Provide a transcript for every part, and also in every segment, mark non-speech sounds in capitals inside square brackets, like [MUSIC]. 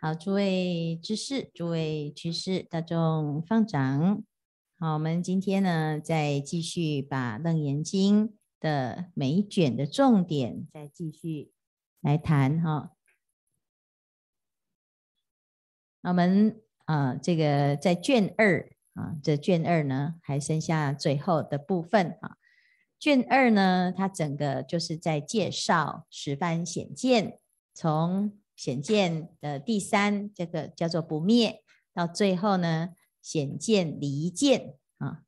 好，諸位知事，諸位居士，大眾放掌。好，我們今天呢，再繼續把《楞嚴經》的每一卷的重點，再繼續來談哈。我們啊、呃，這個在卷二啊，這卷二呢，還剩下最後的部分啊。卷二呢，它整個就是在介紹十番顯見，從顯見的第三，這個叫做不滅，到最後呢，顯見離見啊。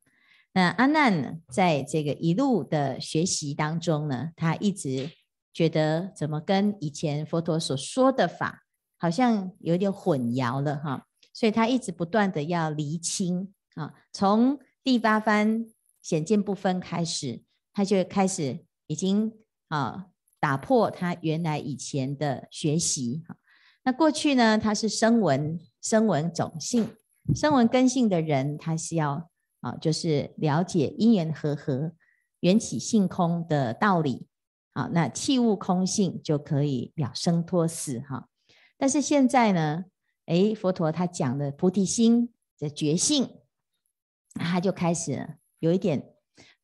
那阿難在這個一路的學習當中呢，他一直覺得怎麼跟以前佛陀所說的法好像有點混淆了哈、啊，所以他一直不斷地要釐清啊。從第八番顯見部分開始，他就開始已經啊。打破他原來以前的學習哈，那過去呢？他是聲聞、聲聞種性、聲聞根性的人，他是要啊，就是了解因緣和合、緣起性空的道理啊。那器物空性就可以了生脫死哈。但是現在呢？哎，佛陀他講的菩提心的覺性，他就開始有一點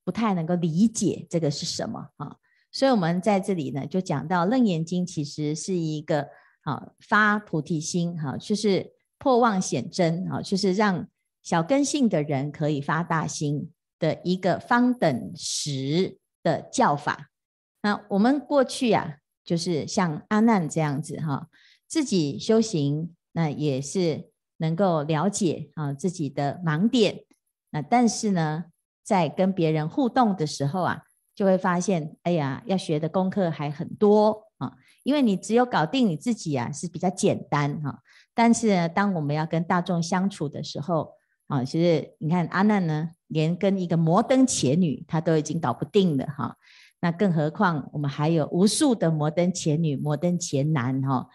不太能夠理解這個是什麼啊。所以，我們在這裡呢，就講到《楞嚴經》其實是一個好、啊、發菩提心，哈，就是破妄顯真、啊，就是讓小根性的人可以發大心的一個方等時的教法。那我們過去啊，就是像阿難這樣子，哈，自己修行，那也是能夠了解啊自己的盲點，那但是呢，在跟別人互動的時候啊，就會發現，哎呀，要學的功課還很多啊！因為你只有搞定你自己啊，是比較簡單哈、啊。但是，當我們要跟大眾相處的時候，啊，其實你看，阿難呢，連跟一個摩登伽女，她都已經搞不定了哈、啊。那更何況我們還有無數的摩登伽女、摩登伽男、啊。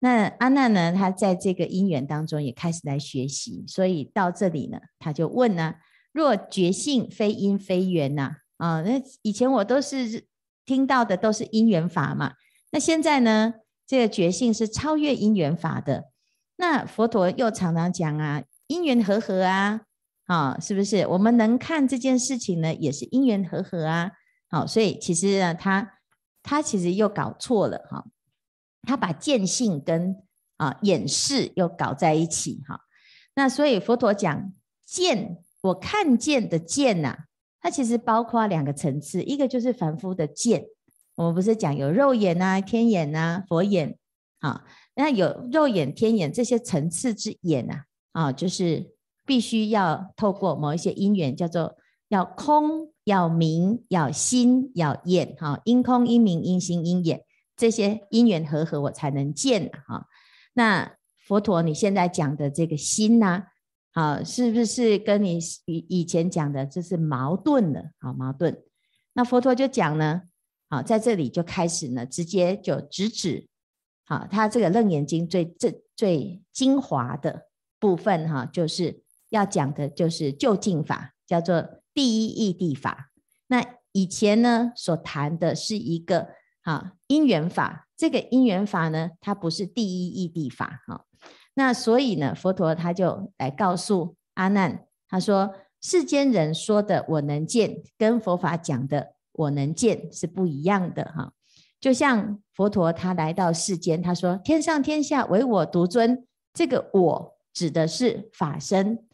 那阿難呢，他在這個因緣當中也開始來學習，所以到這裡呢，他就問呢、啊：若覺性非因非緣呢、啊啊，那以前我都是聽到的都是因緣法嘛，那現在呢，這個覺性是超越因緣法的。那佛陀又常常講啊，因緣和合啊，啊，是不是？我們能看這件事情呢，也是因緣和合，合啊，好，所以其實呢，他他其實又搞錯了哈，他把見性跟啊眼識又搞在一起哈。那所以佛陀講見，我看見的見吶，啊。它其實包括兩個層次，一個就是凡夫的見，我們不是講有肉眼呐、啊、天眼呐、啊、佛眼啊，那有肉眼、天眼這些層次之眼啊，啊，就是必須要透過某一些因緣，叫做要空、要明、要心、要眼，哈、啊，因空、因明、因心、因眼這些因緣和合,合，我才能見哈、啊。那佛陀你現在講的這個心呐、啊？好、啊，是不是跟你以以前講的這是矛盾的？好，矛盾。那佛陀就講呢，好、啊，在這裡就開始呢，直接就直指，指。好、啊，他這個眼睛《楞嚴經》最最最精華的部分哈、啊，就是要講的就是究竟法，叫做第一義諦法。那以前呢，所談的是一個好、啊、因緣法，這個因緣法呢，它不是第一義諦法哈。啊那所以呢，佛陀他就來告訴阿難，他說世間人說的我能見，跟佛法講的我能見是不一樣的哈。就像佛陀他來到世間，他說天上天下唯我獨尊，這個我指的是法身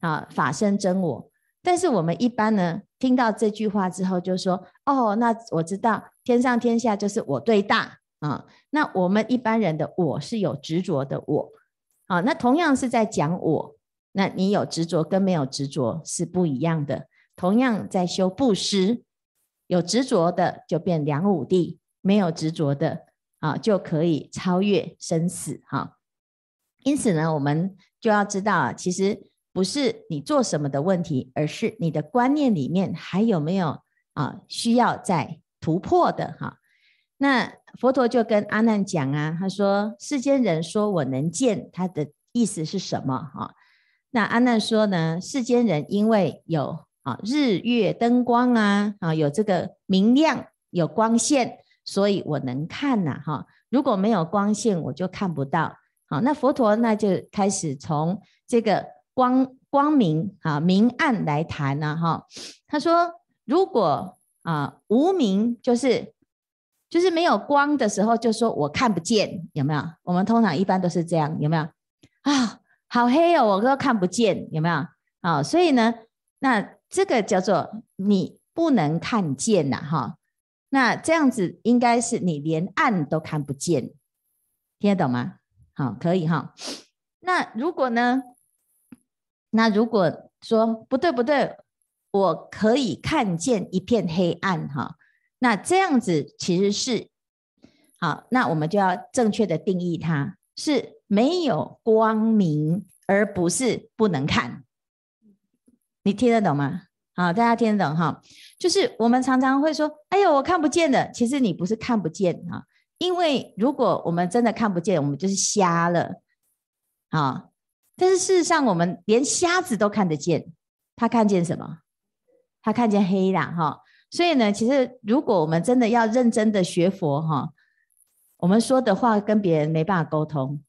啊，法身真我。但是我們一般呢，聽到這句話之後，就說哦，那我知道天上天下就是我最大啊。那我們一般人的我是有執着的我。啊，那同樣是在講我，那你有執着跟沒有執着是不一樣的。同樣在修布施，有執着的就變梁武帝，沒有執着的啊，就可以超越生死哈。因此呢，我們就要知道啊，其實不是你做什麼的問題，而是你的觀念裡面還有沒有啊需要再突破的哈。那佛陀就跟阿難講啊，他說世間人說我能見，他的意思是什麼？哈，那阿難說呢，世間人因為有啊日月燈光啊啊有這個明亮有光線，所以我能看吶。哈，如果沒有光線，我就看不到。好，那佛陀那就開始從這個光光明啊明暗來談呢。哈，他說如果啊無明就是。就是沒有光的時候，就說我看不見，有沒有？我們通常一般都是這樣，有沒有？啊，好黑哦，我都看不見，有沒有？啊，所以呢，那這個叫做你不能看見吶、啊，哈。那這樣子應該是你連暗都看不見，聽得懂嗎？好、啊，可以哈。那如果呢？那如果說不對不對，我可以看見一片黑暗，哈。那這樣子其實是好，那我們就要正確的定義，它是沒有光明，而不是不能看。你聽得懂嗎？好，大家聽得懂哈？就是我們常常會說：“哎呦，我看不見的。”其實你不是看不見，因為如果我們真的看不見，我們就是瞎了啊。但是事實上，我們連瞎子都看得見。他看見什麼？他看見黑啦，哈。所以呢，其實如果我們真的要認真的學佛哈，我們說的話跟別人沒辦法溝通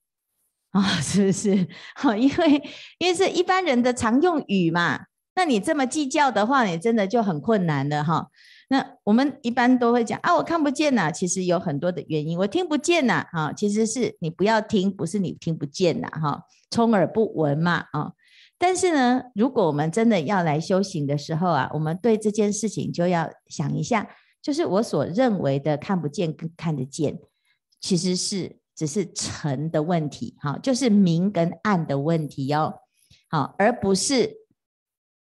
啊，是不是？好，因為因為是一般人的常用語嘛，那你這麼計較的話，你真的就很困難了。哈。那我們一般都會講啊，我看不見吶，其實有很多的原因，我聽不見吶，啊，其實是你不要聽，不是你聽不見吶，哈，充耳不聞嘛，啊。但是呢，如果我們真的要來修行的時候啊，我們對這件事情就要想一下，就是我所認為的看不見跟看得見，其實是只是塵的問題，哈，就是明跟暗的問題喲，好，而不是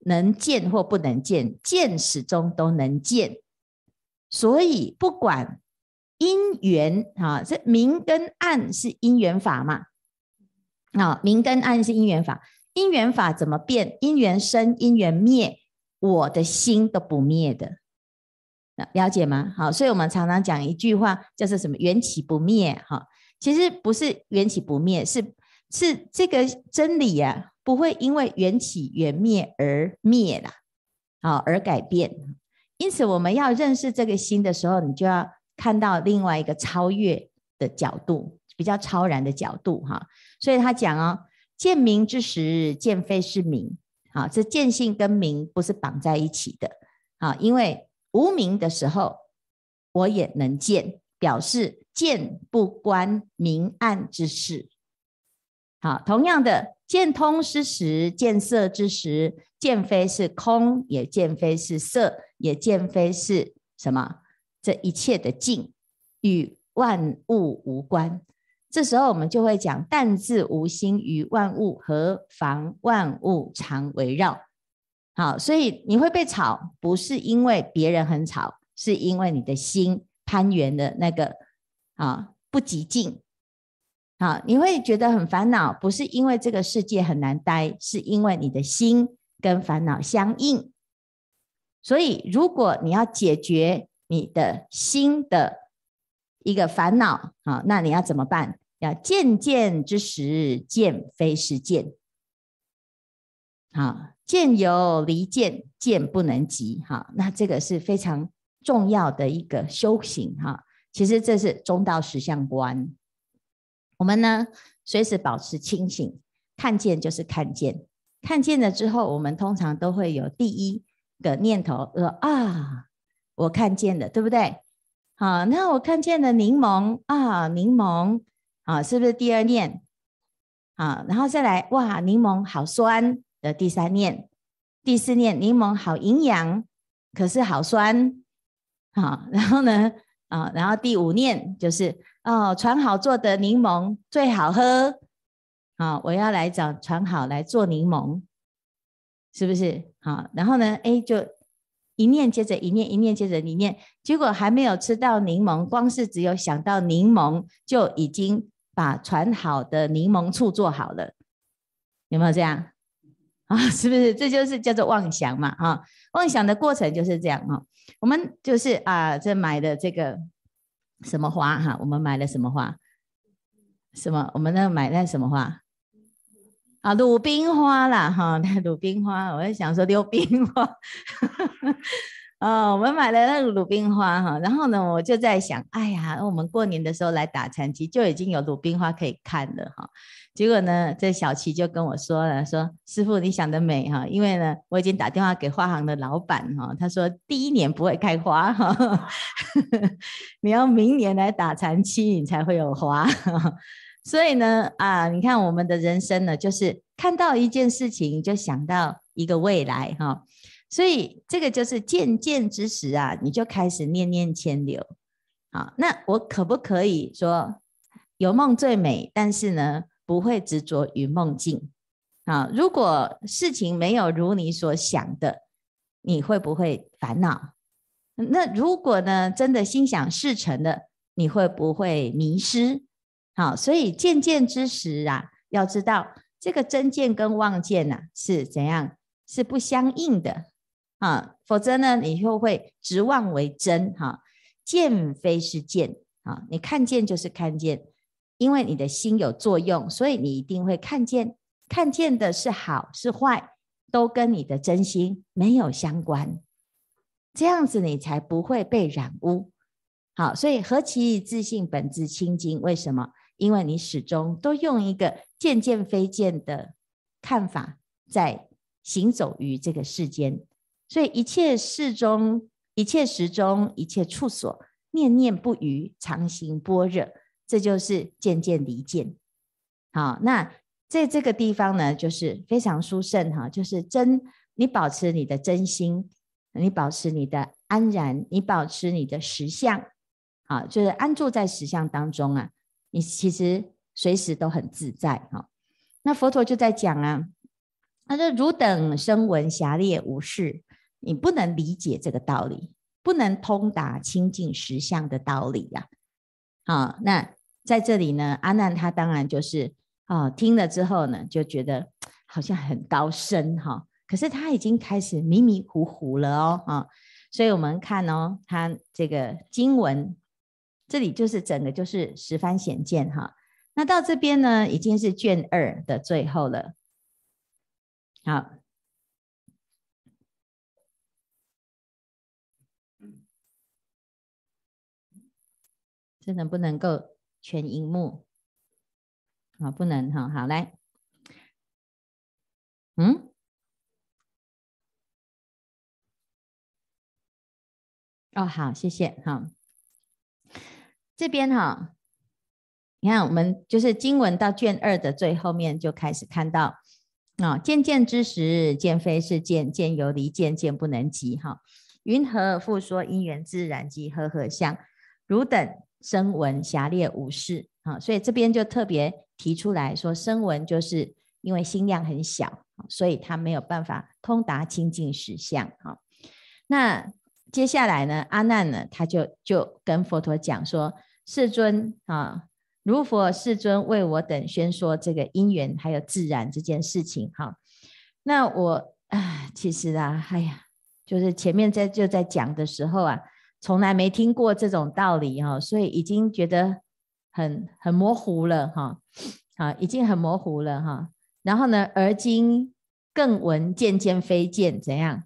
能見或不能見，見始終都能見，所以不管因緣啊，這明跟暗是因緣法嘛，啊，明跟暗是因緣法。因緣法怎麼變？因緣生，因緣滅，我的心都不滅的，了解嗎？好，所以我們常常講一句話，叫做什麼？緣起不滅，哈，其實不是緣起不滅，是是這個真理呀，不會因為緣起緣滅而滅了，好，而改變。因此，我們要認識這個心的時候，你就要看到另外一個超越的角度，比較超然的角度，哈。所以他講哦。見明之時，見非是明，好，這見性跟明不是綁在一起的，好，因為無明的時候，我也能見，表示見不關明暗之事。好，同樣的，見通之時，見色之時，見非是空，也見非是色，也見非是什麼？這一切的靜與萬物無關。這時候我們就會講，但自無心於萬物，何妨萬物常圍繞。好，所以你會被吵，不是因為別人很吵，是因為你的心攀援的那個啊，不寂靜。好，你會覺得很煩惱，不是因為這個世界很難待，是因為你的心跟煩惱相應。所以，如果你要解決你的心的一個煩惱，好，那你要怎麼辦？要見見之時，見非是見。好，見猶離見，見不能及。哈，那這個是非常重要的一個修行。哈，其實這是中道實相觀。我們呢，隨時保持清醒，看見就是看見。看見了之後，我們通常都會有第一個念頭說：啊，我看見了，對不對？啊，那我看見了檸檬啊，檸檬。啊，是不是第二念？啊，然後再來哇，檸檬好酸的第三念，第四念，檸檬好營養，可是好酸。好、啊，然後呢？啊，然後第五念就是哦，傳好做的檸檬最好喝。好、啊，我要來找傳好來做檸檬，是不是？好、啊，然後呢？哎，就一念接着一念，一念接着一念，結果還沒有吃到檸檬，光是只有想到檸檬就已經。把傳好的檸檬醋做好了，有沒有這樣啊？是不是這就是叫做妄想嘛？哈，妄想的過程就是這樣啊。我們就是啊，這買的這個什麼花哈？啊？我們買的什麼花？什麼？我們那買那什麼花？啊，魯冰花啦哈，魯冰花。我也想說溜冰花。 [LAUGHS] 哦，我們買了那個魯冰花哈，然後呢，我就在想，哎呀，我們過年的時候來打禪期，就已經有魯冰花可以看了哈。結果呢，這小齊就跟我說了，說師傅，你想得美哈，因為呢，我已經打電話給花行的老闆哈，他說第一年不會開花哈，你要明年來打禪期，你才會有花。所以呢，啊，你看我們的人生呢，就是看到一件事情，就想到一個未來哈。所以這個就是見見之時啊，你就開始念念遷流，好，那我可不可以說有夢最美？但是呢，不會執着於夢境。啊，如果事情沒有如你所想的，你會不會煩惱？那如果呢，真的心想事成的，你會不會迷失？好，所以見見之時啊，要知道這個真見跟妄見吶、啊、是怎樣，是不相應的。啊，否則呢，你就會執妄為真哈、啊，見非是見啊，你看見就是看見，因為你的心有作用，所以你一定會看見。看見的是好是壞，都跟你的真心沒有相關。這樣子你才不會被染污。好，所以何期自性本自清淨。為什麼？因為你始終都用一個見見非見的看法在行走於這個世間。所以一切事中，一切時中，一切處所，念念不渝，常行般若，這就是漸漸離見。好，那在這個地方呢，就是非常殊勝哈，就是真，你保持你的真心，你保持你的安然，你保持你的實相，好，就是安住在實相當中啊，你其實隨時都很自在哈。那佛陀就在講啊，那就汝等聲聞狹劣無事。你不能理解這個道理，不能通達清淨實相的道理呀，、啊。好、啊，那在這裡呢，阿難他當然就是啊，聽了之後呢，就覺得好像很高深哈、啊，可是他已經開始迷迷糊糊了哦啊，所以我們看哦，他這個經文這裡就是整個就是十番顯見哈、啊，那到這邊呢，已經是卷二的最後了，好、啊。這能不能夠全螢幕？啊、哦，不能哈。好來，嗯，哦，好，謝謝哈、哦。這邊哈、哦，你看我們就是經文到卷二的最後面就開始看到、哦，啊，見見之時，見非是見，見猶離，見，見不能及哈、哦。云何復說因緣自然及和合相？汝等聲聞狹劣無事，所以這邊就特別提出來說，聲聞就是因為心量很小，所以他沒有辦法通達清淨實相、啊、那接下來呢，阿難呢，他就就跟佛陀講說：世尊啊，如佛世尊為我等宣說這個因緣還有自然這件事情哈、啊。那我唉、啊，其實啊，哎呀，就是前面在就在講的時候啊。從來沒聽過這種道理哈，所以已經覺得很很模糊了哈，啊，已經很模糊了哈。然後呢，而今更聞見見非見怎樣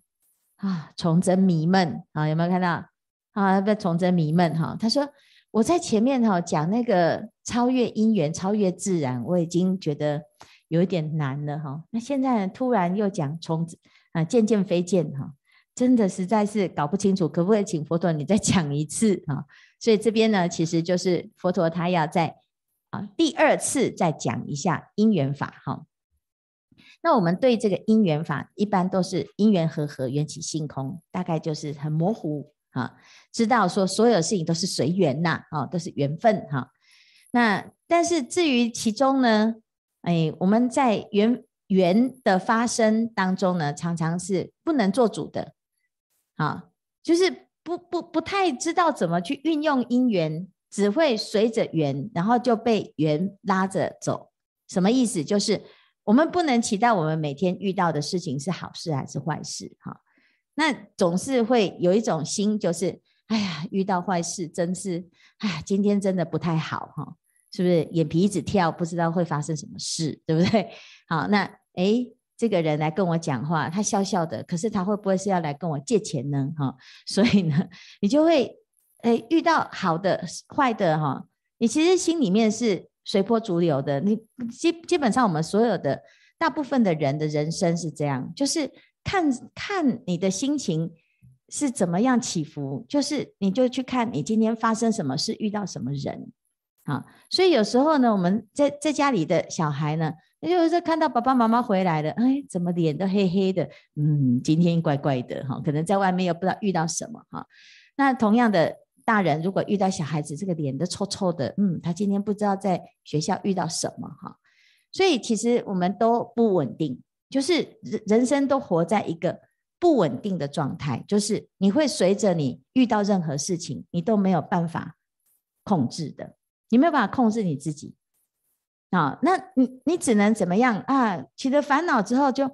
啊？重增迷悶啊，有沒有看到啊？不要重增迷悶哈？他說我在前面哈講那個超越因緣、超越自然，我已經覺得有一點難了哈。那、啊、現在突然又講重啊見見非見哈。真的實在是搞不清楚，可不可以請佛陀你再講一次啊？所以這邊呢，其實就是佛陀他要在啊第二次再講一下因緣法哈。那我們對這個因緣法，一般都是因緣和合、合，緣起性空，大概就是很模糊啊，知道說所有事情都是隨緣吶，哦，都是緣分哈。那但是至於其中呢，哎，我們在緣緣的發生當中呢，常常是不能做主的。啊，就是不不不太知道怎麼去運用因緣，只會隨着緣，然後就被緣拉着走。什麼意思？就是我們不能期待我們每天遇到的事情是好事還是壞事。哈、啊，那總是會有一種心，就是哎呀，遇到壞事，真是哎呀，今天真的不太好哈、啊，是不是？眼皮一直跳，不知道會發生什麼事，對不對？好，那哎。誒這個人來跟我講話，他笑笑的，可是他會不會是要來跟我借錢呢？哈、哦，所以呢，你就會、哎，遇到好的、壞的，哈、哦，你其實心裡面是隨波逐流的。你基基本上，我們所有的大部分的人的人生是這樣，就是看看你的心情是怎麼樣起伏，就是你就去看你今天發生什麼事，遇到什麼人，哈、哦，所以有時候呢，我們在在家裡的小孩呢。也就是說看到爸爸媽媽回來了，哎，怎麼臉都黑黑的？嗯，今天怪怪的哈，可能在外面又不知道遇到什麼哈。那同樣的大人，如果遇到小孩子，這個臉都臭臭的，嗯，他今天不知道在學校遇到什麼哈。所以其實我們都不穩定，就是人人生都活在一個不穩定的狀態，就是你會隨着你遇到任何事情，你都沒有辦法控制的，你沒有辦法控制你自己。啊、哦，那你你只能怎麼樣啊？起了煩惱之後就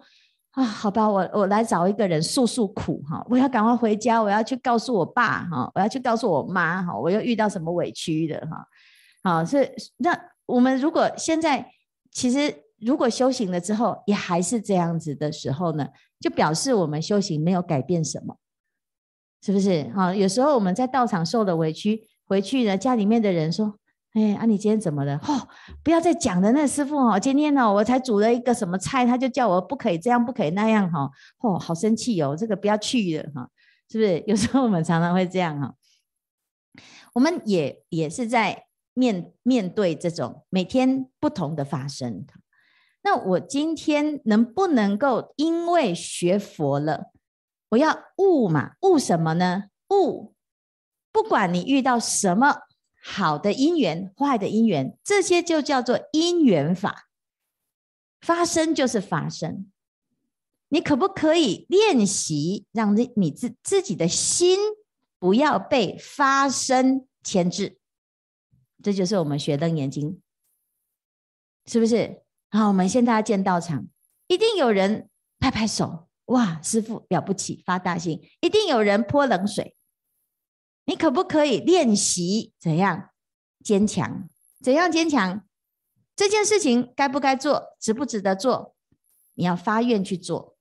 啊，好吧，我我來找一個人訴訴苦哈、哦，我要趕快回家，我要去告訴我爸哈、哦，我要去告訴我媽哈、哦，我又遇到什麼委屈的哈？好、哦，所、哦、以那我們如果現在其實如果修行了之後也還是這樣子的時候呢，就表示我們修行沒有改變什麼，是不是？啊、哦，有時候我們在道場受了委屈，回去呢，家裡面的人說。哎，阿、啊、你今天怎麼了？吼、哦，不要再講了。那師父哦，今天呢、哦，我才煮了一個什麼菜，他就叫我不可以這樣，不可以那樣、哦，吼，吼，好生氣哦，這個不要去了。哈，是不是？有時候我們常常會這樣、哦，哈，我們也也是在面面對這種每天不同的發生。那我今天能不能夠因為學佛了，我要悟嘛？悟什麼呢？悟，不管你遇到什麼。好的因緣，壞的因緣，這些就叫做因緣法。發生就是發生，你可不可以練習，讓你你自自己的心不要被發生牽制？這就是我們學楞嚴經。是不是？好，我們現在要建道場，一定有人拍拍手，哇，師父了不起，發大心，一定有人潑冷水。你可不可以練習怎樣堅強？怎樣堅強？這件事情該不該做，值不值得做？你要發願去做，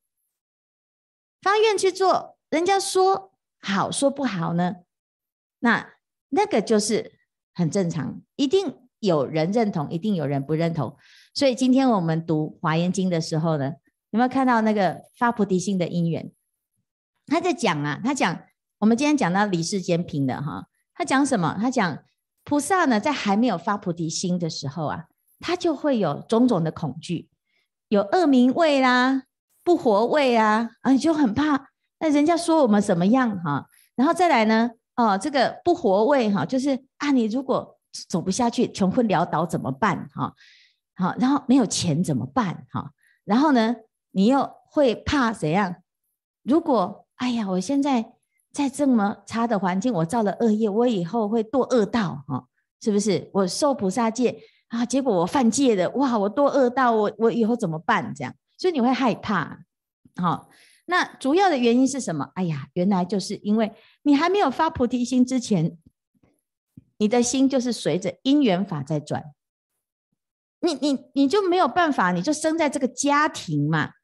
發願去做。人家說好，說不好呢？那那個就是很正常，一定有人認同，一定有人不認同。所以今天我們讀《華嚴經》的時候呢，有沒有看到那個發菩提心的因緣？他在講啊，他講。我們今天講到理事兼平的哈，他講什麼？他講菩薩呢，在還沒有發菩提心的時候啊，他就會有種種的恐懼，有惡名畏啦，不活畏啊，啊，你就很怕。那人家說我們怎麼樣哈、啊？然後再來呢？哦，這個不活畏哈、啊，就是啊，你如果走不下去，窮困潦倒怎麼辦？哈，好，然後沒有錢怎麼辦、啊？哈，然後呢，你又會怕怎樣？如果哎呀，我現在在這麼差的環境，我造了惡業，我以後會墮惡道，哈，是不是？我受菩薩戒啊，結果我犯戒了，哇，我墮惡道，我我以後怎麼辦？這樣，所以你會害怕，哦，那主要的原因是什麼？哎呀，原來就是因為你還沒有發菩提心之前，你的心就是隨着因緣法在轉，你你你就沒有辦法，你就生在這個家庭嘛。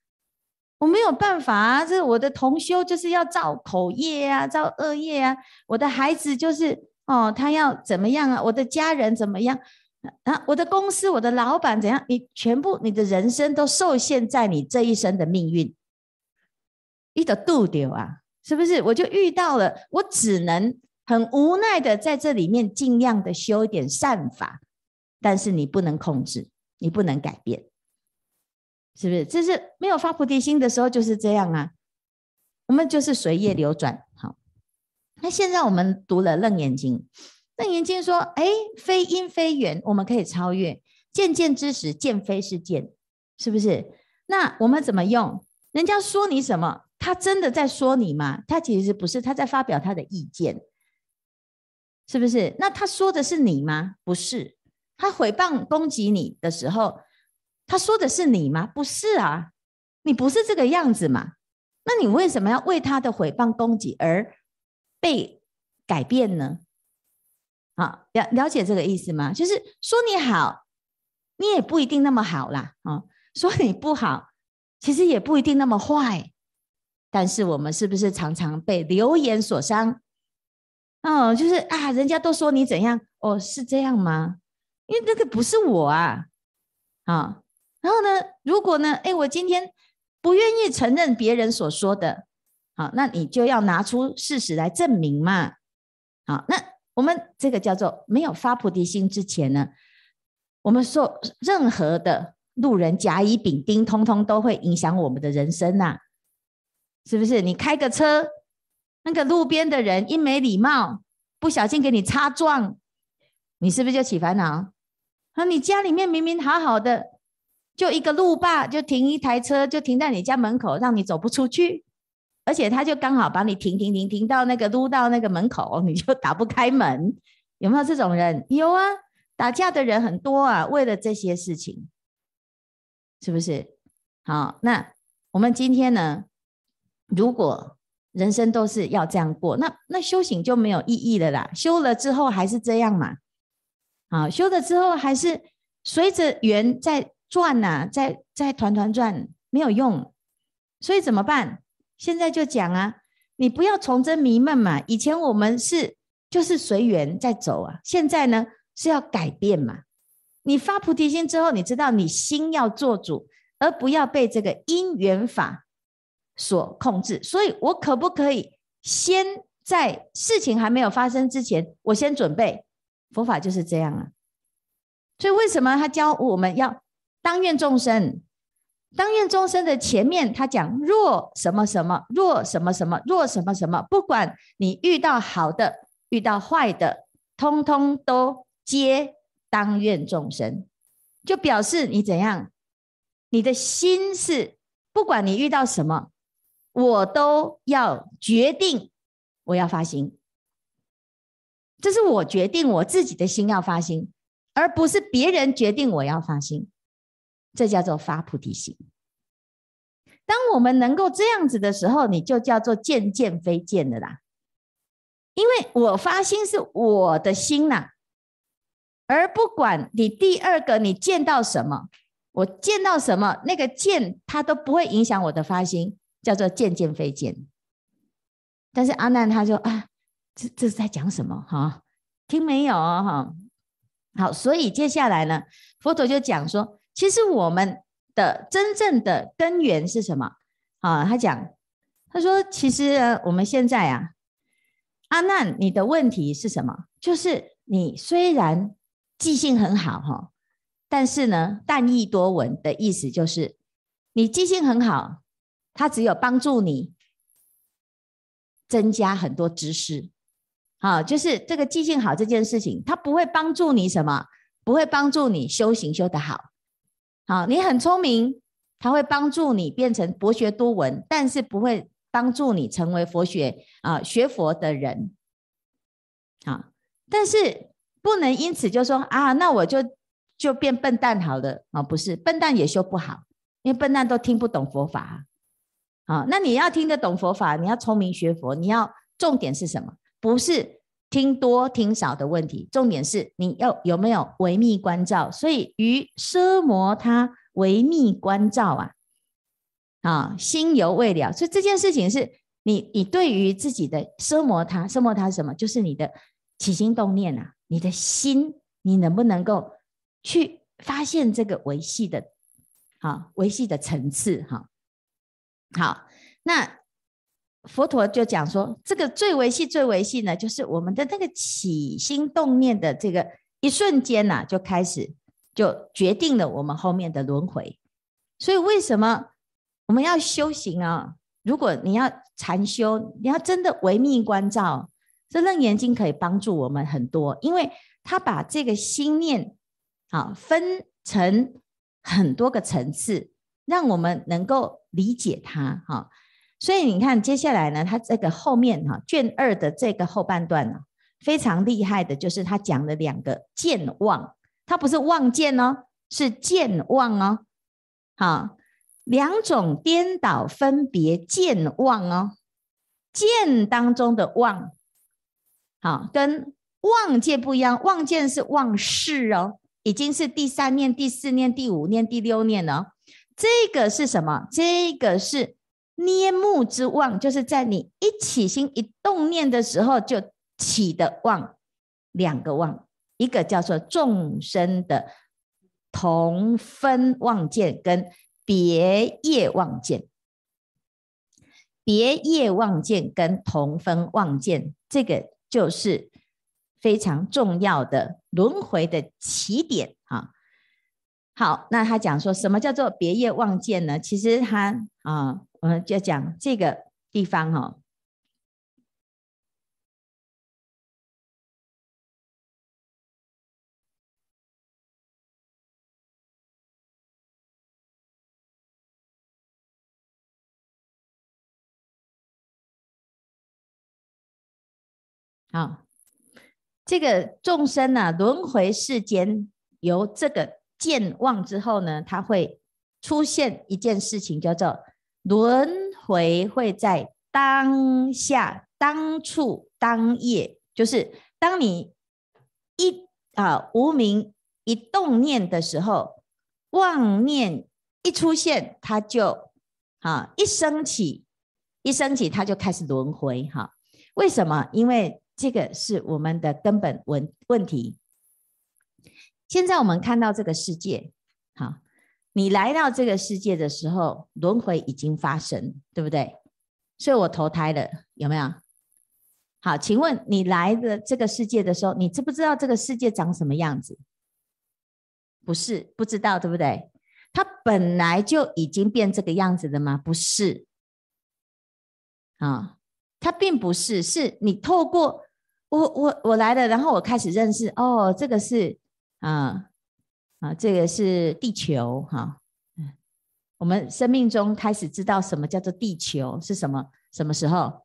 我沒有辦法啊！這我的同修就是要造口業啊，造惡業啊。我的孩子就是哦，他要怎麼樣啊？我的家人怎麼樣啊？我的公司、我的老闆怎樣？你全部，你的人生都受限在你這一生的命運。你的度丟啊，是不是？我就遇到了，我只能很無奈的在這裡面儘量的修一點善法，但是你不能控制，你不能改變。是不是？就是沒有發菩提心的時候就是這樣啊。我們就是隨業流轉。好，那現在我們讀了《楞嚴經》，《楞嚴經》說：“誒，非因非緣，我們可以超越。見見之時，見非是見，是不是？那我們怎麼用？人家說你什麼？他真的在說你嗎？他其實不是，他在發表他的意見，是不是？那他說的是你嗎？不是。他誹謗攻擊你的時候。”他說的是你嗎？不是啊，你不是這個樣子嘛。那你為什麼要為他的誹謗攻擊而被改變呢？啊，了了解這個意思嗎？就是說你好，你也不一定那麼好啦。啊，說你不好，其實也不一定那麼壞。但是我們是不是常常被流言所傷？啊、哦，就是啊，人家都說你怎樣，哦，是這樣嗎？因為那個不是我啊，啊。然後呢，如果呢，誒，我今天不願意承認別人所說的，好，那你就要拿出事實來證明嘛。好，那我們這個叫做沒有發菩提心之前呢，我們說任何的路人甲乙丙丁，通通都會影響我們的人生吶、啊，是不是？你開個車，那個路邊的人一沒禮貌，不小心給你擦撞，你是不是就起煩惱？啊，你家裡面明明好好的。就一個路霸，就停一台車，就停在你家門口，讓你走不出去，而且他就剛好把你停停停停到那個擼到那個門口，你就打不開門，有沒有這種人？有啊，打架的人很多啊，為了這些事情，是不是？好，那我們今天呢，如果人生都是要這樣過，那那修行就沒有意義了啦，修了之後還是這樣嘛，好，修了之後還是隨着緣在轉吶、啊，再再團團轉沒有用，所以怎麼辦？現在就講啊，你不要崇禎迷悶嘛。以前我們是就是隨緣在走啊，現在呢是要改變嘛。你發菩提心之後，你知道你心要做主，而不要被這個因緣法所控制。所以我可不可以先在事情還沒有發生之前，我先準備。佛法就是這樣啊。所以為什麼他教我們要？當願眾生，當願眾生的前面，他講若什麼什麼、若什麼什麼、若什麼什麼，不管你遇到好的，遇到壞的，通通都皆當願眾生，就表示你怎樣，你的心是不管你遇到什麼，我都要決定我要發心，這是我決定我自己的心要發心，而不是別人決定我要發心。這叫做發菩提心。當我們能夠這樣子的時候，你就叫做見見非見的啦。因為我發心是我的心吶、啊，而不管你第二個你見到什麼，我見到什麼，那個見，它都不會影響我的發心，叫做見見非見。但是阿難他說啊，這這是在講什麼？哈，聽沒有、哦？哈，好，所以接下來呢，佛陀就講說。其實我們的真正的根源是什麼？啊，他講，他說，其實我們現在啊，阿難，你的問題是什麼？就是你雖然記性很好，哈，但是呢，但益多聞的意思就是，你記性很好，它只有幫助你增加很多知識，好、啊，就是這個記性好這件事情，它不會幫助你什麼，不會幫助你修行修得好。啊，你很聰明，他會幫助你變成博學多聞，但是不會幫助你成為佛學啊學佛的人。啊，但是不能因此就說啊，那我就就變笨蛋好了啊，不是笨蛋也修不好，因為笨蛋都聽不懂佛法啊。啊，那你要聽得懂佛法，你要聰明學佛，你要重點是什麼？不是。聽多聽少的問題，重點是你要有沒有微密觀照。所以於奢摩他微密觀照啊，啊，心猶未了。所以這件事情是你，你對於自己的奢摩他，奢摩他是什麼？就是你的起心動念啊，你的心，你能不能夠去發現這個微細的，啊，微細的層次？哈、啊，好，那。佛陀就講說，這個最微細、最微細呢，就是我們的那個起心動念的這個一瞬間吶、啊，就開始就決定了我們後面的輪回。所以，為什麼我們要修行啊？如果你要禪修，你要真的微密觀照，這楞嚴經可以幫助我們很多，因為它把這個心念啊分成很多個層次，讓我們能夠理解它、啊所以你看，接下來呢，他這個後面哈、啊、卷二的這個後半段啊，非常厲害的，就是他講了兩個見妄，他不是妄見哦，是見妄哦。哈，兩種顛倒，分別見妄哦，見當中的妄，哈，跟妄見不一樣，妄見是妄事哦，已經是第三念、第四念、第五念、第六念了、哦。這個是什麼？這個是。捏目之妄，就是在你一起心一動念的時候就起的妄，兩個妄，一個叫做眾生的同分妄見，跟別業妄見，別業妄見跟同分妄見，這個就是非常重要的輪迴的起點。好，那他講說什麼叫做別業妄見呢？其實他啊，我們就講這個地方哦。好，這個眾生呢、啊，輪迴世間由這個。健忘之後呢，它會出現一件事情，叫做輪迴。會在當下、當處、當夜，就是當你一啊無明一動念的時候，妄念一出現，它就啊一生起，一生起，它就開始輪迴。哈、啊，為什麼？因為這個是我們的根本問問題。現在我們看到這個世界，好，你來到這個世界的時候，輪迴已經發生，對不對？所以我投胎了，有沒有？好，請問你來的這個世界的時候，你知不知道這個世界長什麼樣子？不是，不知道，對不對？它本來就已經變這個樣子的嗎？不是，啊、哦，它並不是，是你透過我、我、我來了，然後我開始認識，哦，這個是。啊啊，這個是地球哈，嗯、啊，我們生命中開始知道什麼叫做地球是什麼？什麼時候？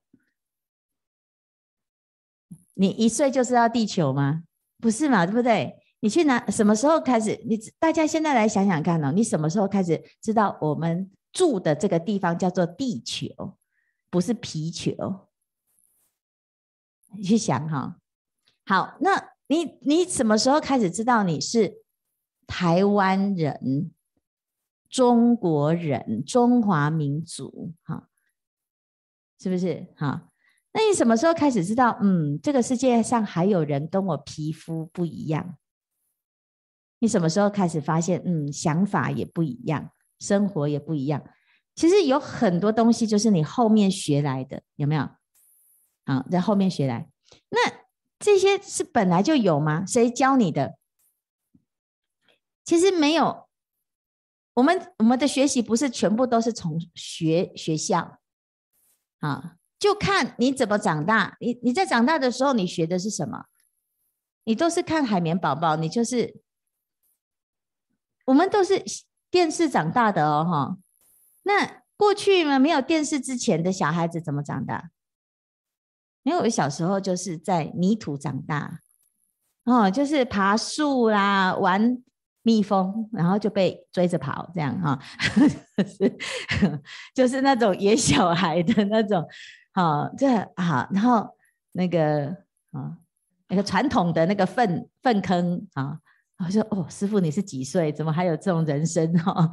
你一歲就知道地球嗎？不是嘛，對不對？你去哪？什麼時候開始？你大家現在來想想看哦，你什麼時候開始知道我們住的這個地方叫做地球，不是皮球？你去想哈。好，那。你你什麼時候開始知道你是台灣人、中國人、中華民族？哈，是不是？哈，那你什麼時候開始知道？嗯，這個世界上還有人跟我皮膚不一樣？你什麼時候開始發現？嗯，想法也不一樣，生活也不一樣？其實有很多東西就是你後面學來的，有沒有？好，在後面學來。那。這些是本來就有嗎？誰教你的？其實沒有。我們我們的學習不是全部都是從學學校啊，就看你怎麼長大。你你在長大的時候，你學的是什麼？你都是看海綿寶寶，你就是我們都是電視長大的哦。哈，哦，那過去嘛，沒有電視之前的小孩子怎麼長大？因為我小時候就是在泥土長大，哦，就是爬樹啦，玩蜜蜂，然後就被追着跑這樣哈、哦 [LAUGHS] 就是，就是那種野小孩的那種，好、哦，這啊，然後那個啊、哦，那個傳統的那個糞糞坑啊、哦，我說哦，師父你是幾歲？怎麼還有這種人生哈？啊、哦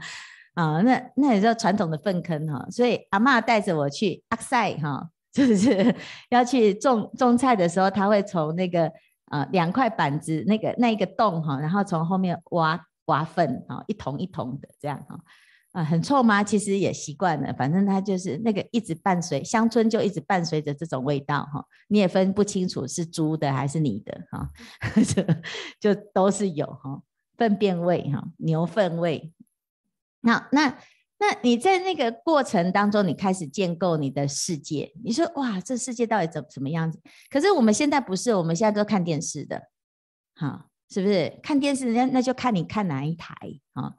哦，那那也是傳統的糞坑哈、哦？所以阿嬤帶着我去阿塞哈。哦就是要去種種菜的時候，他會從那個呃兩塊板子那個那個洞哈、哦，然後從後面挖挖糞哈、哦，一桶一桶的這樣哈，啊、哦呃、很臭嗎？其實也習慣了，反正它就是那個一直伴隨鄉村就一直伴隨着這種味道哈、哦，你也分不清楚是豬的還是你的哈，就、哦、 [LAUGHS] 就都是有哈，糞、哦、便味哈、哦，牛糞味，好那那。那你在那個過程當中，你開始建構你的世界。你說哇，這世界到底怎怎麼樣子？可是我們現在不是，我們現在都看電視的，哈，是不是？看電視那那就看你看哪一台哈，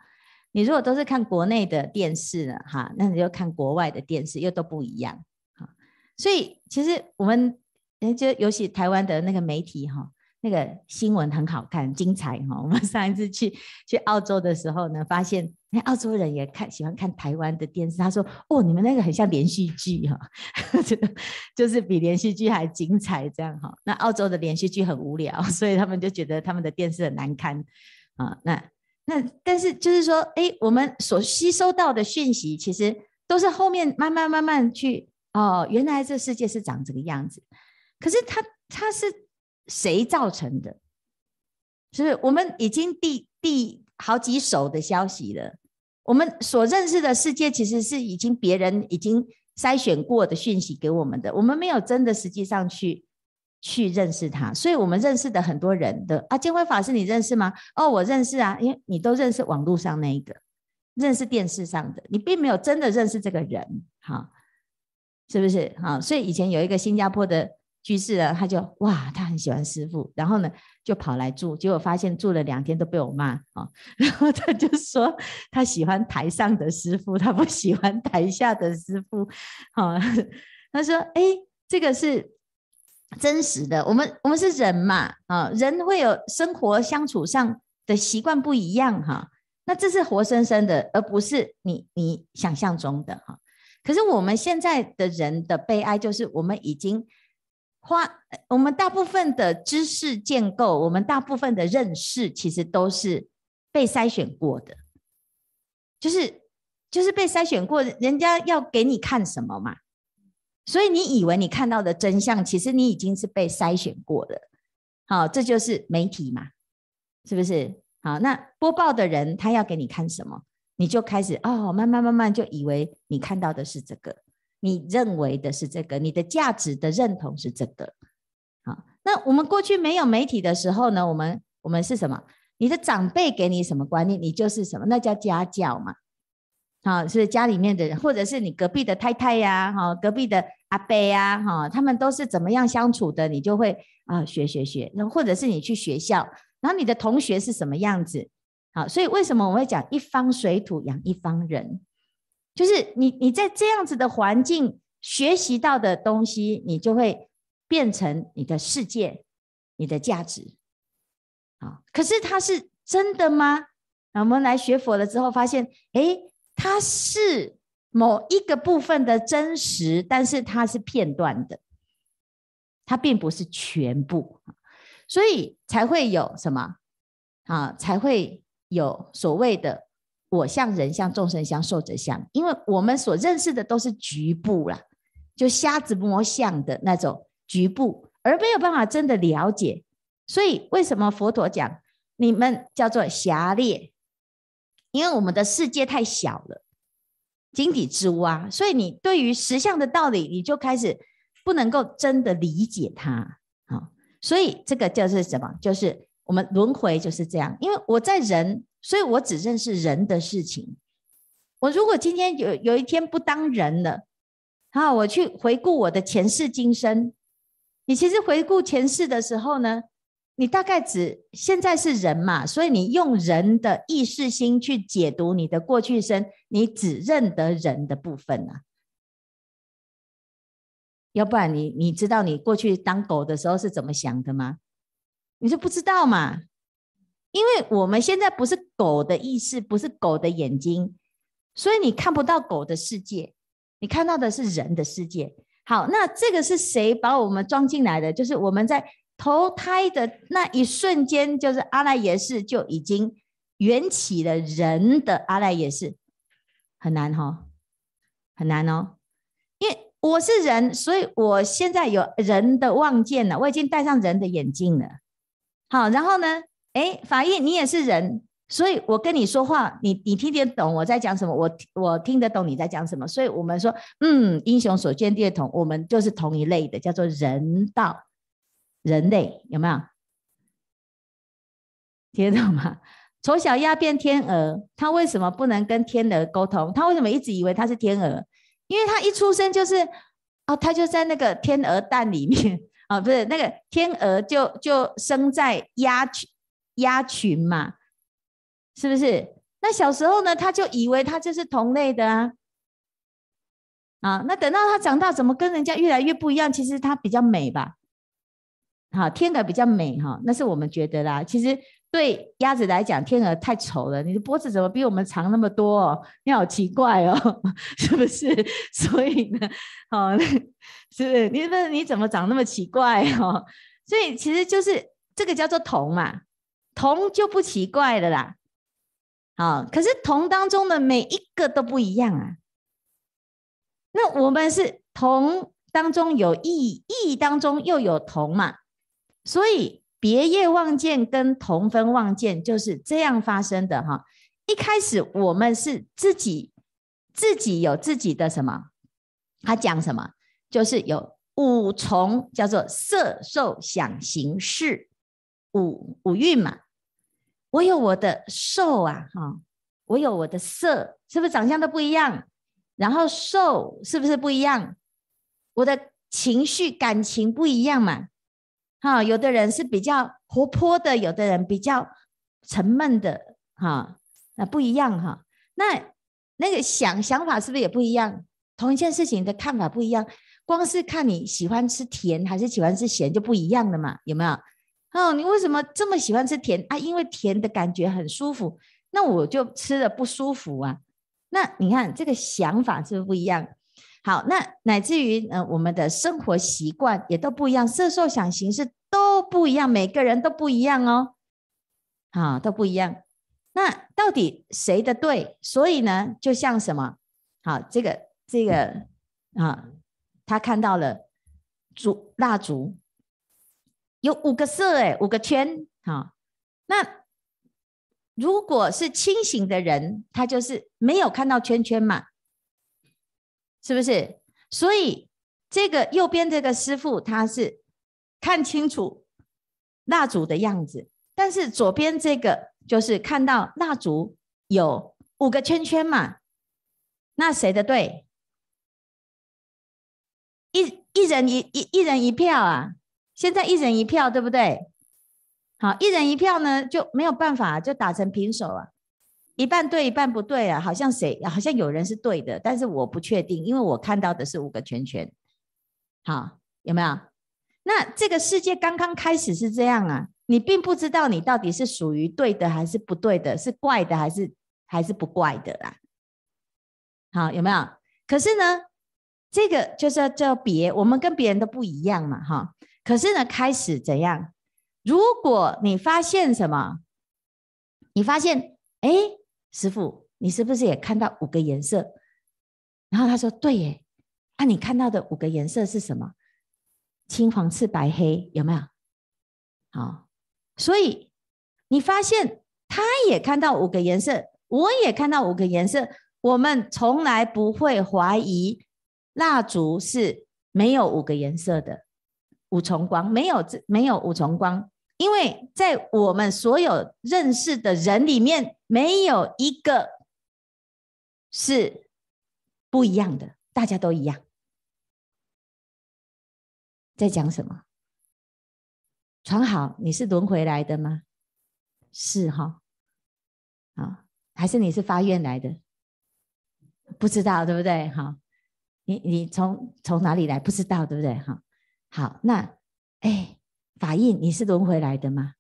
你如果都是看國內的電視了。哈，那你就看國外的電視又都不一樣哈。所以其實我們人就尤其台灣的那個媒體哈，那個新聞很好看、精彩哈。我們上一次去去澳洲的時候呢，發現。那澳洲人也看喜歡看台灣的電視，他說：“哦，你們那個很像連續劇哈，就是比連續劇還精彩這樣哈。”那澳洲的連續劇很無聊，所以他們就覺得他們的電視很難看啊。那那但是就是說，哎，我們所吸收到的訊息其實都是後面慢慢慢慢去哦，原來這世界是長這個樣子，可是它它是誰造成的？就是我們已經第第好幾手的消息了。我們所認識的世界，其實是已經別人已經篩選過的訊息給我們的，我們沒有真的實際上去去認識他，所以我們認識的很多人的啊，見輝法師你認識嗎？哦，我認識啊，因為你都認識網絡上那一個，認識電視上的，你並沒有真的認識這個人，好，是不是？哈，所以以前有一個新加坡的。去世了，他就哇，他很喜歡師父，然後呢，就跑來住，結果發現住了兩天都被我罵啊、哦，然後他就說他喜歡台上的師父，他不喜歡台下的師父，哈、哦，他說，誒，這個是真實的，我們我們是人嘛，啊、哦，人會有生活相處上的習慣不一樣哈、哦，那這是活生生的，而不是你你想象中的哈、哦，可是我們現在的人的悲哀就是我們已經。花我們大部分的知識建構，我們大部分的認識，其實都是被篩選過的，就是就是被篩選過，人家要給你看什麼嘛，所以你以為你看到的真相，其實你已經是被篩選過的。好，這就是媒體嘛，是不是？好，那播報的人他要給你看什麼，你就開始哦，慢慢慢慢就以為你看到的是這個。你認為的是這個，你的價值的認同是這個。好，那我們過去沒有媒體的時候呢，我們我們是什麼？你的長輩給你什麼觀念，你就是什麼，那叫家教嘛。好，是家裡面的人，或者是你隔壁的太太呀，哈，隔壁的阿伯呀，哈，他們都是怎麼樣相處的，你就會啊，學學學。或者是你去學校，然後你的同學是什麼樣子，好，所以為什麼我們會講一方水土養一方人？就是你，你在這樣子的環境學習到的東西，你就會變成你的世界，你的價值。啊，可是它是真的嗎？那我們來學佛了之後，發現，誒、欸，它是某一個部分的真實，但是它是片段的，它並不是全部，所以才會有什麼啊，才會有所謂的。我相、人相、眾生相、壽者相，因為我們所認識的都是局部啦，就瞎子摸象的那種局部，而沒有辦法真的了解。所以為什麼佛陀講你們叫做狹劣？因為我們的世界太小了，井底之蛙啊。所以你對於實相的道理，你就開始不能夠真的理解它啊。所以這個就是什麼？就是我們輪迴就是這樣。因為我在人。所以我只認識人的事情。我如果今天有有一天不當人了，好，我去回顧我的前世今生。你其實回顧前世的時候呢，你大概只現在是人嘛，所以你用人的意識心去解讀你的過去生，你只認得人的部分啊。要不然你你知道你過去當狗的時候是怎麼想的嗎？你是不知道嘛？因為我們現在不是狗的意識，不是狗的眼睛，所以你看不到狗的世界，你看到的是人的世界。好，那這個是誰把我們裝進來的？就是我們在投胎的那一瞬間，就是阿賴耶識就已經緣起了人的阿賴耶識。很難哈、哦，很難哦，因為我是人，所以我現在有人的望見了，我已經戴上人的眼鏡了。好，然後呢？哎、欸，法醫，你也是人，所以我跟你說話，你你聽得懂我在講什麼？我我聽得懂你在講什麼？所以我們說，嗯，英雄所見略同，我們就是同一類的，叫做人道人類，有沒有聽得懂嗎？醜小鴨變天鵝，它為什麼不能跟天鵝溝通？它為什麼一直以為它是天鵝？因為它一出生就是，哦，它就在那個天鵝蛋裡面啊、哦，不是那個天鵝就就生在鴨。鴨群嘛，是不是？那小時候呢，他就以為它就是同類的啊。啊，那等到它長大，怎麼跟人家越來越不一樣？其實它比較美吧。好、啊，天鵝比較美哈、哦，那是我們覺得啦。其實對鴨子來講，天鵝太醜了。你的脖子怎麼比我們長那麼多、哦？你好奇怪哦，是不是？所以呢，哦，是不是？你問你怎麼長那麼奇怪哦？所以其實就是這個叫做同嘛。同就不奇怪了啦。啊，可是同當中的每一個都不一樣啊。那我們是同當中有異，異當中又有同嘛。所以別業妄見跟同分妄見就是這樣發生的哈、啊。一開始我們是自己自己有自己的什麼？他講什麼？就是有五重叫做色受想行識五五蘊嘛。我有我的受啊，哈，我有我的色，是不是長相都不一樣？然後受是不是不一樣？我的情緒、感情不一樣嘛？哈，有的人是比較活潑的，有的人比較沉悶的，哈，那不一樣哈。那那個想想法，是不是也不一樣？同一件事情的看法不一樣，光是看你喜歡吃甜還是喜歡吃鹹就不一樣了嘛？有沒有？哦，你為什麼這麼喜歡吃甜啊？因為甜的感覺很舒服，那我就吃了不舒服啊。那你看這個想法是不是不一樣？好，那乃至於呃，我們的生活習慣也都不一樣，色受想行識都不一樣，每個人都不一樣哦。啊，都不一樣。那到底誰的對？所以呢，就像什麼？好，這個這個啊，他看到了燭蠟燭。有五個色哎，五個圈。哈，那如果是清醒的人，他就是沒有看到圈圈嘛，是不是？所以這個右邊這個師父他是看清楚蠟燭的樣子，但是左邊這個就是看到蠟燭有五個圈圈嘛。那誰的對？一一人一一一人一票啊？現在一人一票，對不對？好，一人一票呢，就沒有辦法就打成平手了啊。一半對，一半不對啊，好像誰好像有人是對的，但是我不確定，因為我看到的是五個圈圈。好，有沒有？那這個世界剛剛開始是這樣啊，你並不知道你到底是屬於對的還是不對的，是怪的還是還是不怪的啦。好，有沒有？可是呢，這個就是要叫別，我們跟別人都不一樣嘛，哈。可是呢，開始怎樣？如果你發現什麼，你發現，誒，師傅，你是不是也看到五個顏色？然後他說，對耶，啊，你看到的五個顏色是什麼？青、黃、赤、白、黑，有沒有？好，所以你發現他也看到五個顏色，我也看到五個顏色，我們從來不會懷疑蠟燭是沒有五個顏色的。五重光沒有這，沒有五重光，因為在我們所有認識的人裡面，沒有一個是不一樣的，大家都一樣。在講什麼？傳好，你是輪迴來的嗎？是哈，啊，還是你是發願來的？不知道對不對？好，你你從從哪裡來？不知道對不對？哈。好，那哎，法印，你是輪迴來的嗎？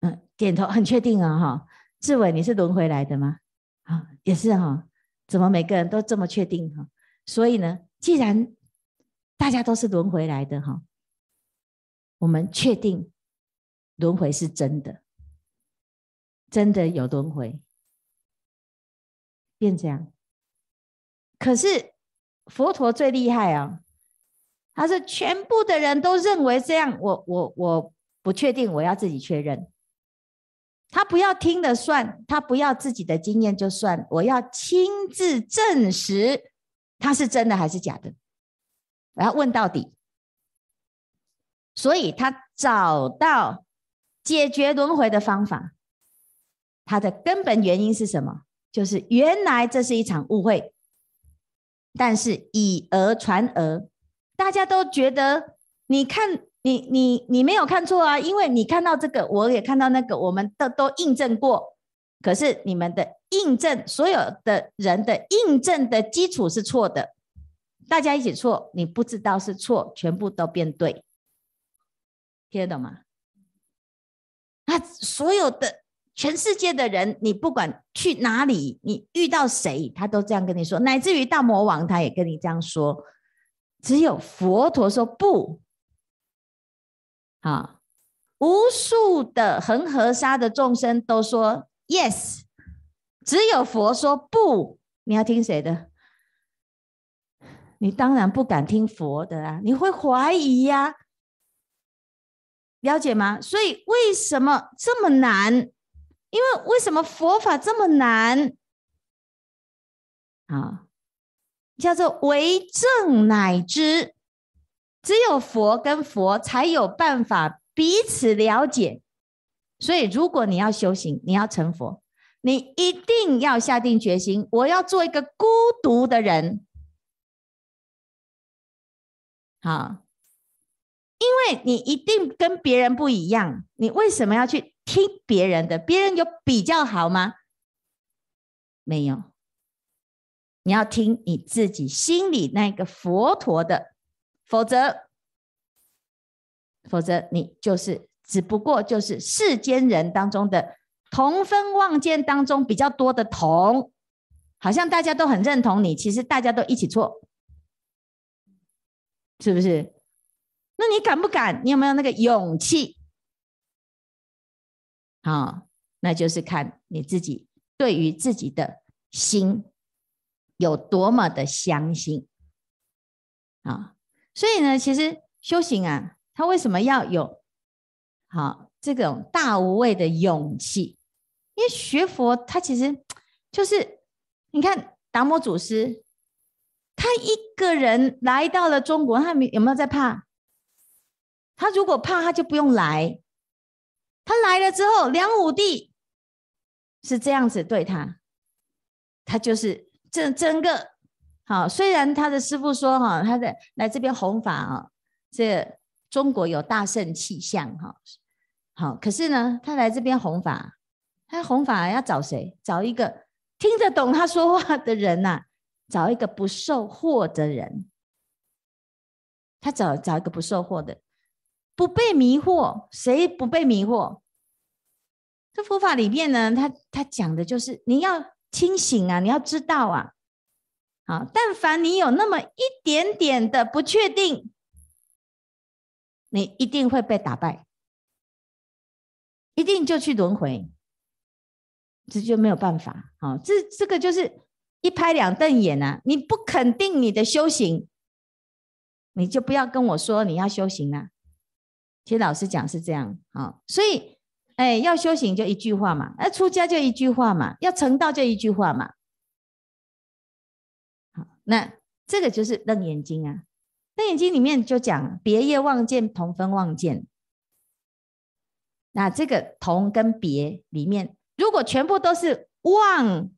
嗯，點頭，很確定啊，哈。志偉，你是輪迴來的嗎？啊，也是哈。怎麼每個人都這麼確定哈？所以呢，既然大家都是輪迴來的哈，我們確定輪迴是真的，真的有輪迴，變這樣。可是佛陀最厲害啊。他是全部的人都認為這樣，我我我不確定，我要自己確認。他不要聽的算，他不要自己的經驗就算，我要親自證實他是真的還是假的，我要問到底。所以他找到解決輪迴的方法，他的根本原因是什麼？就是原來這是一場誤會，但是以訛傳訛。大家都覺得，你看，你看，你你你沒有看錯啊，因為你看到這個，我也看到那個，我們都都印證過。可是你們的印證，所有的人的印證的基礎是錯的。大家一起錯，你不知道是錯，全部都變對，聽得懂嗎？那所有的全世界的人，你不管去哪裡，你遇到誰，他都這樣跟你說，乃至於大魔王，他也跟你這樣說。只有佛陀說不，啊，無數的恆河沙的眾生都說 yes，只有佛說不，你要聽誰的？你當然不敢聽佛的啊，你會懷疑呀、啊，了解嗎？所以為什麼這麼難？因為為什麼佛法這麼難？好、啊。叫做唯證乃知，只有佛跟佛才有辦法彼此了解。所以，如果你要修行，你要成佛，你一定要下定決心，我要做一個孤獨的人。好，因為你一定跟別人不一樣。你為什麼要去聽別人的？別人有比較好嗎？沒有。你要聽你自己心裡那個佛陀的，否則，否則你就是只不過就是世間人當中的同分妄見當中比較多的同。好像大家都很認同你，其實大家都一起錯，是不是？那你敢不敢？你有沒有那個勇氣？好，那就是看你自己對於自己的心，有多麼的相信啊！所以呢，其實修行啊，他為什麼要有好、啊、這種大無畏的勇氣？因為學佛，他其實就是你看達摩祖師，他一個人來到了中國，他沒，有沒有在怕？他如果怕，他就不用來。他來了之後，梁武帝是這樣子對他，他就是。這整，整個好，雖然他的師父說哈、啊，他的來這邊弘法啊，這個、中國有大乘氣象哈、啊，好，可是呢，他來這邊弘法，他弘法要找誰？找一個聽得懂他說話的人吶、啊，找一個不受惑的人，他找找一個不受惑的，不被迷惑，誰不被迷惑？這佛法裡面呢，他他講的就是你要。清醒啊！你要知道啊，啊，但凡你有那麼一點點的不確定，你一定會被打敗，一定就去輪迴，這就沒有辦法。好，這這個就是一拍兩瞪眼啊，你不肯定你的修行，你就不要跟我說你要修行啊。其實老師講是這樣，好，所以。哎，要修行就一句話嘛！出家就一句話嘛！要成道就一句話嘛！好，那這個就是《楞嚴經》啊，《楞嚴經》裡面就講“別業妄見，同分妄見”。那這個“同”跟“別”裡面，如果全部都是“妄”，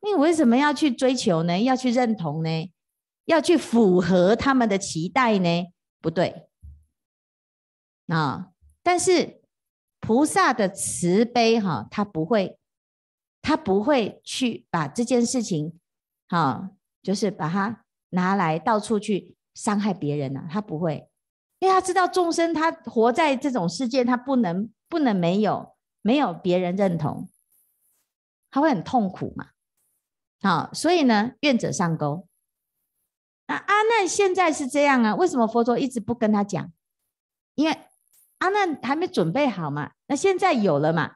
你為什麼要去追求呢？要去認同呢？要去符合他們的期待呢？不對。那、哦、但是。菩薩的慈悲，哈，他不會，他不會去把這件事情，哈，就是把它拿來到處去傷害別人呢，他不會，因為他知道眾生，他活在這種世界，他不能不能沒有沒有別人認同，他會很痛苦嘛，好，所以呢，願者上鈎。那阿難現在是這樣啊。為什麼佛陀一直不跟他講？因為。啊，那還沒準備好嘛？那現在有了嘛？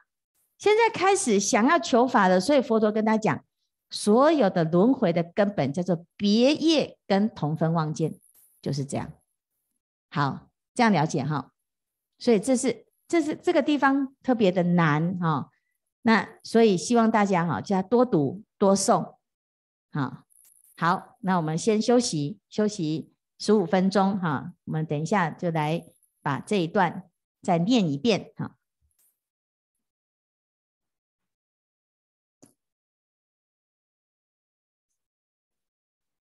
現在開始想要求法了，所以佛陀跟他講，所有的輪回的根本叫做別業跟同分妄見，就是這樣。好，這樣了解哈。所以這是這是這個地方特別的難哈。那所以希望大家哈，叫多讀多誦。好，好，那我們先休息休息十五分鐘哈。我們等一下就來把這一段。再念一遍哈、啊。